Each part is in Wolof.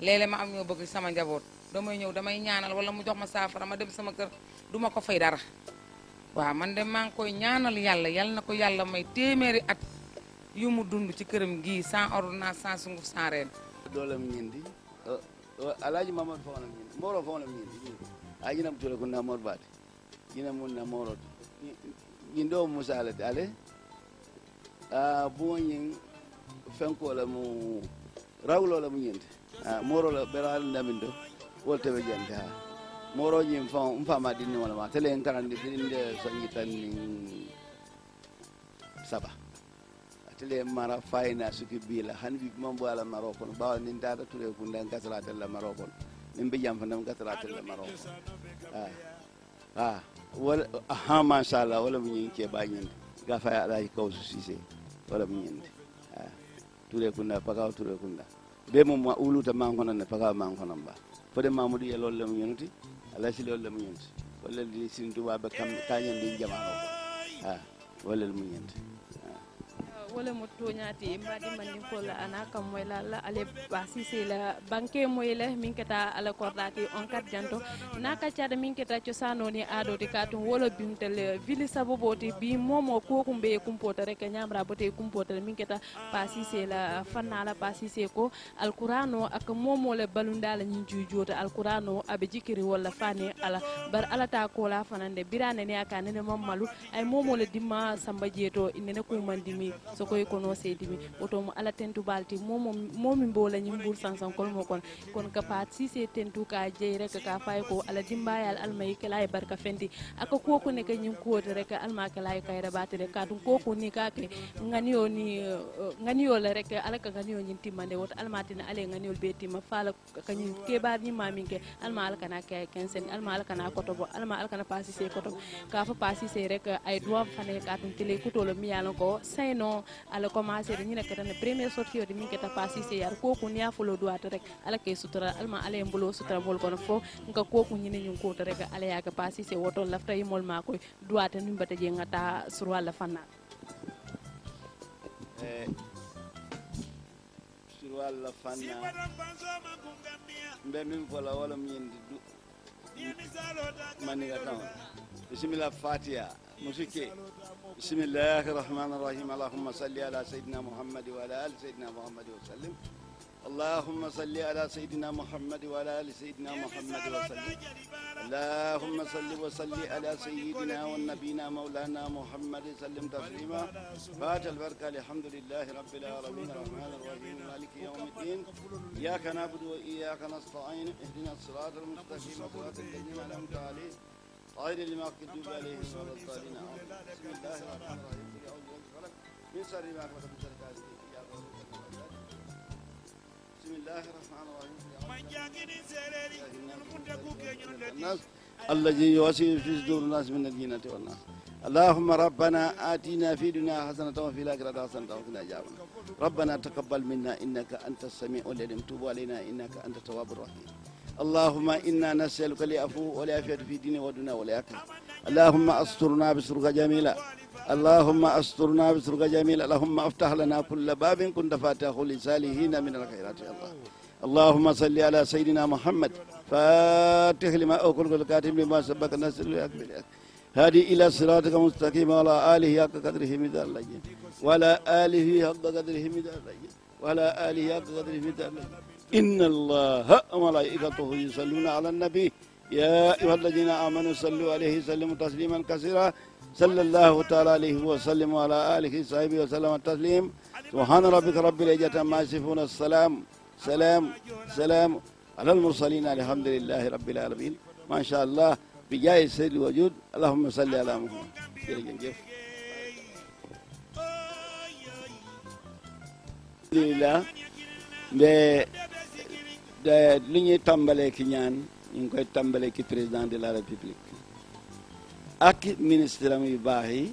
Lele ma am ñoo bëgg sama njaboot damay ñëw damay ñaanal wala mu jox ma safara ma dem sama kër duma ko fay dara wa man dem ma ngi koy ñaanal yalla yalla nako yalla may téméré at yu mu dund ci kërëm gi sans ordonnance sans sunguf sans reen doolam ñindi euh, euh, alaaji mamad fawanam ñindi fo fawanam ñindi a ñinam tole ko na mor baati ñina mu na moro ndo mu salati ale a ah, ñing fenko la mu lo la mu ñindi Ah, moro bela ndamin do wolte be jande ha moro nyim fa um fa ma dinni wala ma tele en karande dinde sangi tan ni saba tele mara fayna suki bila han bi mam bala maro kono bawa nin dada tule ko ndan gasala tele maro kon min bi jam fa ndam gasala tele maro ah ah wala aha ma sha Allah wala mun yinke ba nyinde gafa ya alaji kawsu sise wala mun yinde ah tule kunna pakaw tule kunna be mo ma uluta ma kono ne faga ma kono ba fode mamudu ye lol lem yonuti ala si lol lem yonuti wala di sin tuba ba kam kanyen di jamaano ha wala lem yonuti wala mo toñati mbadi mandin ko la ana kam moy la la ale basi se la banke moy la min keta ala kordati on kat janto na tiada min keta cho sano ni ado de katun wala bimtel eh, vili saboboti bi momo ko kumbe kumpota rek nyamra bote kumpota min keta basi se la fanna la basi se ko alqur'ano ak momo le balunda la nyi jujota alqur'ano abe jikiri wala fane ala bar ala ta ko la fanande birane ne aka ne mamalu ay momo le dimma samba jeto inene ko mandimi so sokoy kono seydimi woto mo ala tentu balti momo momi ni mbur mbolañim ɓuur kol mo kon kon ka pat si se tentu ka jey rek ka fay ko ala dimbayal almay kela e barka fendi ak ko ko ne ka nyim ko kuwote rek alma kela e rabati rek ka ko ko ni ka ke nganiyo ni nganiyo la rek ala ka ganiyo ñin timmande woto almatine ala ganiyol be timma faala kañum kebar ñimmamin ke alma ala kana ke kensen alma ala kana bo alma ala kana pasi pasise kotobo ka fa pasi se rek ay duwam fane ka ɗum tele kutolo miyalon ko sayno ala commencé ñi nekk tan premier sortie de min keta pas sise yar koku ni fulo duwata rek ala kay sutura alma ala mbulo sutura mol kon fo nga koku ñi ne ñu ko rek ala ya ka pas sise woto la yi mol ma koy duwata ñu bata je nga ta sur wala fanna euh sur wala fanna mbe min fola wala min du mani ga taw bismillah fatia موسيقي بسم الله الرحمن الرحيم اللهم صل على سيدنا محمد وعلى ال سيدنا محمد وسلم اللهم صل على سيدنا محمد وعلى ال سيدنا محمد وسلم اللهم صل وصل على سيدنا ونبينا مولانا محمد سلم تسليما فات البركه الحمد لله رب العالمين الرحمن الرحيم مالك يوم الدين اياك نعبد واياك نستعين اهدنا الصراط المستقيم صراط الذين انعمت عليهم غير اللي ما كذب عليه ولا الضالين بسم الله الرحمن الرحيم من شر ما خلق من شر بسم الله الرحمن الرحيم الذي يوسوس في صدور الناس من الجنة والناس اللهم ربنا آتنا في دنيا حسنة وفي الآخرة حسنة وقنا عذاب ربنا تقبل منا إنك أنت السميع العليم توب علينا إنك أنت التواب الرحيم اللهم إنا نسألك لأفو ولعافية في ديننا ودنا ولآخرة اللهم أسترنا بسرك جميلة اللهم أسترنا بسرك جميلة اللهم افتح لنا كل باب كنت فاتحه لسالهين من الخيرات يا الله اللهم صل على سيدنا محمد فاتح لما أقول الكاتب لما سبق الناس الأكبر هذه إلى صراطك مستقيم ولا آله حق قدره مدار ولا آله حق قدره مدار ولا آله حق قدره مدار إن الله وملائكته يصلون على النبي يا أيها الذين آمنوا صلوا عليه وسلموا تسليما كثيرا صلى الله تعالى عليه وسلم وعلى آله وصحبه وسلم التسليم سبحان ربك رب العزة عما يصفون السلام سلام سلام على المرسلين الحمد لله رب العالمين ما شاء الله بجاه السيد الوجود اللهم صل على محمد الحمد لله te lu ñuy tàmbalee ki ñaan ñu ngi koy tàmbalee ki président de la république ak ministre am yu baax yi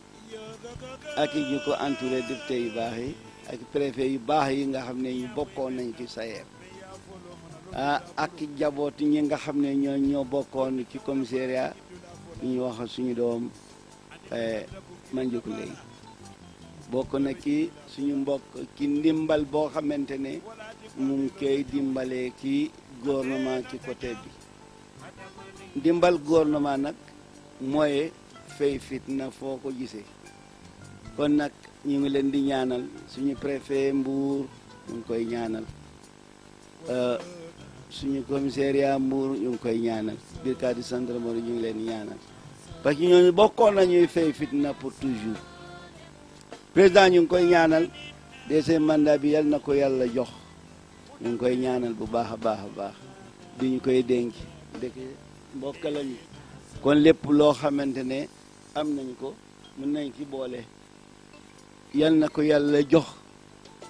ak ñu ko entouré député yu baax yi ak préfet yu baax yi nga xam ne ñu bokkoon nañ ci sayeer ah ak jaboot ñi nga xam ne ñoo ñoo bokkoon ci commissariat ñu wax suñu doom eh, man jëkku léegi bokk na ci suñu mbokk ki ndimbal boo xamante ne mu ngi koy dimbalee ci gouvernement ci côté bi ndimbal gouvernement nag mooy fay fitna foo ko gisee kon nag ñu ngi leen di ñaanal suñu préfet Mbour ñu ngi koy ñaanal euh, suñu yaa Mbour ñu ngi koy ñaanal biir cadre gendarmerie ñu ngi leen di ñaanal parce que ñooñu bokkoon nañuy fay fitna pour toujours président ñu ngi koy ñaanal deuxième mandat bi yal na ko yàlla jox ñu ngi koy ñaanal bu baax a baax a baax di ñu koy dénk dëkk mbokk lañu kon lépp loo xamante ne am nañ ko mën nañ ki boole yal na ko yàlla jox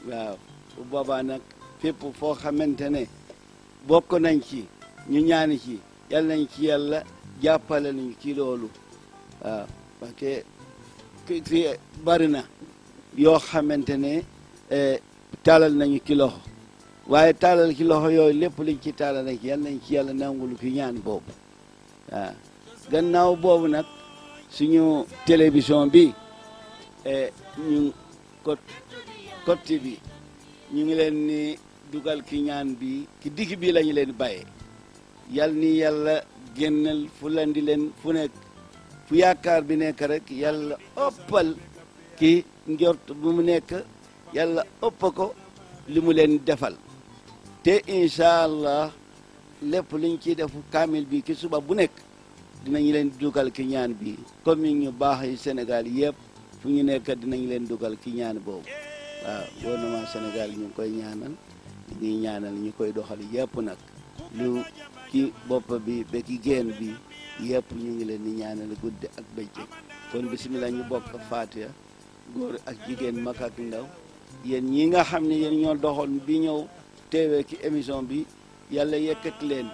waaw bu boobaa nag fépp foo xamante ne bokk nañ ci ñu ñaan ci yal nañ ci yàlla jàppale nañ ci loolu waaw parce que bari na yoo xamante ne eh, taalal nañu ci waaye taalal ci loxo yooyu lépp liñ ci taalal ak yal nañ ci yàlla nangul ki ñaan boobu waaw gannaaw boobu nag suñu télévision bi eh, ñu ko côté bi ñu ngi leen ni dugal ki ñaan bi ki digg bi lañu leen bàyyee yal ni yàlla génnal fu leen leen fu nekk fu yaakaar bi nekk rek yàlla ëppal ki njort bu mu nekk yàlla ëpp ko li mu leen defal te incha allah lépp luñ ciy def kaamil bi ki suba bu nekk dinañ leen dugal ki ñaan bi comme ñu baax yu Sénégal yëpp fu ñu nekk dinañ leen dugal ki ñaan boobu waaw gouvernement Sénégal ñu koy ñaanal ñuy ñaanal ñu koy doxal yëpp nag lu ci bopp bi ba ki génn bi yëpp ñu ngi leen di ñaanal guddi ak bëccëg kon bisimilah ñu bokk Faatiha góor ak jigéen mag ak ndaw yéen ñi nga xam ne yéen ñoo doxoon bi ñëw teewee ki émission bi yàlla yëkkat leen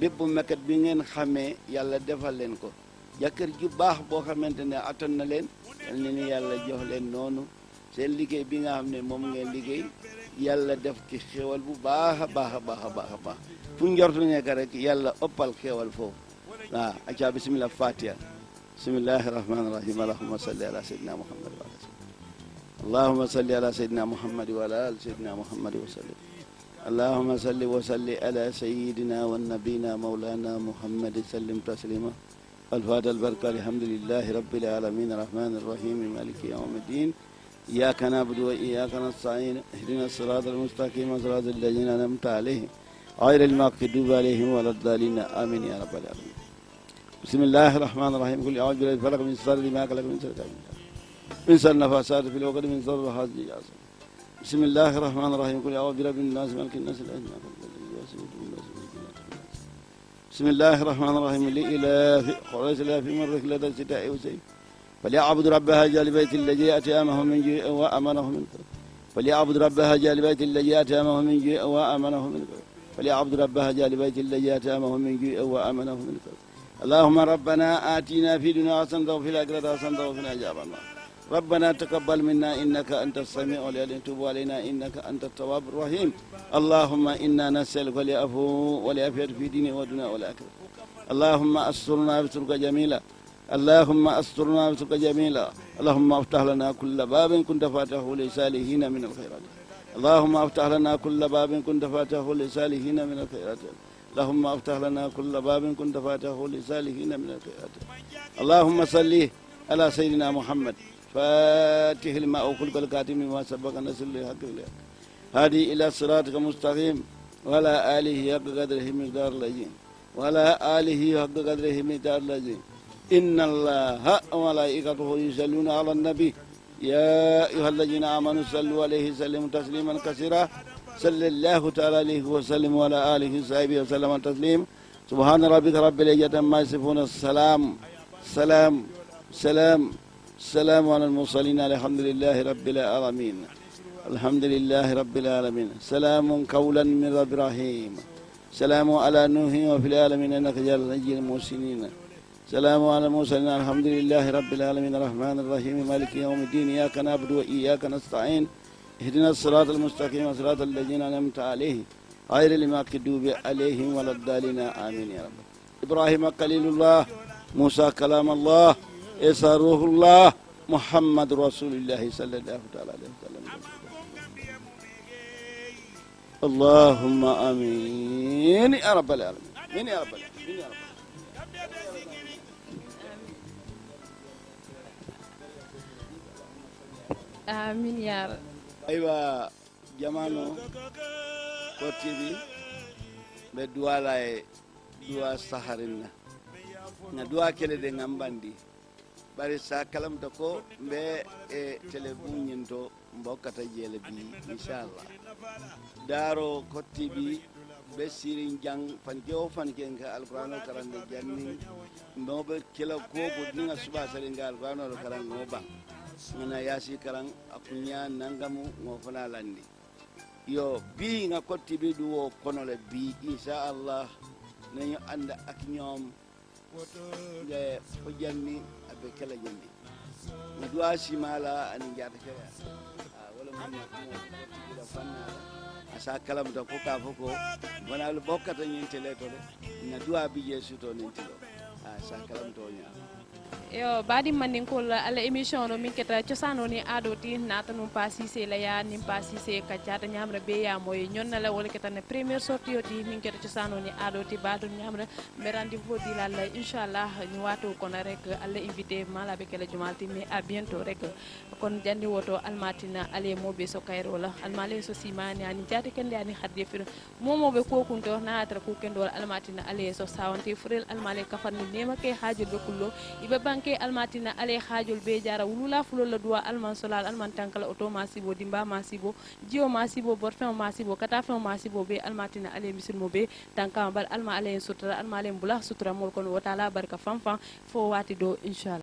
bépp mekkat bi ngeen xamee yàlla defal leen ko jàkkër ju baax boo xamante ne attan na leen yal na yàlla jox leen noonu seen liggéey bi nga xam ne moom ngeen liggéey yàlla def ci xéwal bu baax a baax a baax a baax a baax fu njortu nekk rek yàlla ëppal xéwal foofu waaw acca bisimilah fatiha bisimilahi rahmaani rahim allahuma salli ala sayyidina muhammad اللهم صل على سيدنا محمد وعلى آل سيدنا محمد وسلم اللهم صل وسلم على سيدنا والنبينا مولانا محمد سلم تسليما الفاتح البركة الحمد لله رب العالمين الرحمن الرحيم مالك يوم الدين إياك نعبد وإياك نستعين اهدنا الصراط المستقيم صراط الذين أنعمت عليهم غير المغضوب عليهم ولا الضالين آمين يا رب العالمين بسم الله الرحمن الرحيم قل أعوذ بالله من الفلق من شر ما خلق من شر من سر نفاسات في الوقت من ضر هذه الجاسم بسم الله الرحمن الرحيم قل يا رب رب الناس ملك الناس الاجنة بسم الله الرحمن الرحيم لي إلى في خلاص لا في مرة مرك لدى الشتاء وسيف فليعبد رب هذا البيت الذي أتامه من جوع وأمنه من كرب فليعبد رب هذا البيت الذي أتامه من جوع وأمنه من كرب فليعبد رب هذا البيت الذي أتامه من جوع وأمنه من قبل اللهم ربنا آتنا في دنيا حسنة وفي الآخرة حسنة وقنا عذاب النار ربنا تقبل منا إنك أنت السميع العليم تب علينا إنك أنت التواب الرحيم اللهم إنا نسألك لأفو ولأفيد في ديني ودنيا والآخرة اللهم أسترنا بترك جميلة اللهم أسترنا بترك جميلة اللهم افتح لنا كل باب كنت فاتحه لسالهين من الخيرات اللهم افتح لنا كل باب كنت فاتحه لسالهين من الخيرات اللهم افتح لنا كل باب كنت فاتحه لسالهين من الخيرات اللهم صلي على سيدنا محمد فاتح لما أوخلق الكاتم لما سبق نسل لحق الحق هذه إلى صراطك المستقيم ولا آله حق قدره مقدار لجين ولا آله حق قدره مقدار لجين إن الله وملائكته يصلون على النبي يا أيها الذين آمنوا صلوا عليه وسلموا تسليما كثيرا صلى الله تعالى عليه وسلم وعلى آله وصحبه وسلم تسليما سبحان ربك رب العزة عما يصفون السلام سلام سلام السلام على المرسلين الحمد لله رب العالمين الحمد لله رب العالمين سلام قولا من رب رحيم سلام على نوح وفي العالمين انك جل نجي المحسنين سلام على المرسلين الحمد لله رب العالمين الرحمن الرحيم مالك يوم الدين اياك نعبد واياك نستعين اهدنا الصراط المستقيم صراط الذين انعمت عليهم غير المغضوب عليهم ولا الضالين امين يا رب ابراهيم قليل الله موسى كلام الله esa ruhullah muhammadu rasulillahi sallallahu taala alayhi wa sallam allahumma amin ya rabbal alamin min ya rabbal alamin ya rabbal amin ya rab aywa jamano kottiɗi ɓe duwala e duwa saharinna na duwa kele ɗe gambandi bari sa kalamta ko be e télévision ñin to mbokkata jeele bi kotibi besiring kotti bi be sirin jang fan jewo fan ken ka alqur'ano karande janni mbe be kila ko ko dinga suba sare ngal alqur'ano no ba ngana yasi karan akunya nangamu ngo fana landi yo bi nga kotti bi duwo kono le bi inchallah nañu anda ak nyom ko janni ɓe kala ñande mi duwa simala ani jata kela wala mumnaɗumila fannala a sa kalamta ko ka fo ko bonal bokkata ñintele to de na duwa bije suto nintilo a sa kalamto ñama yo baɗi mandinkol allah émission no min keta cosanoni aɗoti natano pa sisé laya nin pa sisé kadiata ñamra be yamoye ñonnala wala ketane premiére sortie oti keta cosanoni aɗoti baɗo ñamra mbe rendez-vous dilalla inchallah ñu wato kono rek allah invité malaɓe kela jumalti mais à bientôt rek kono jandi woto almatina ale moɓe so kayrola almale so simani ani jaate kende ani hadde fir momoɓe kokunto nayatara kukendol almatina ale so sawante furel almale kafanni nema ke hajurɓe kullo iɓe anke almatina alay hajol be jara wulula fulolla duwa alman solal alman tankala oto masibo dimba masibo jiyo masibo borfeŋo masibo kata feŋo masibo be almatina alay misilmo be tankama bari alma alayen sutura alma alayen bula sutura mol kono wotala barka fanfan fo wati do inchallah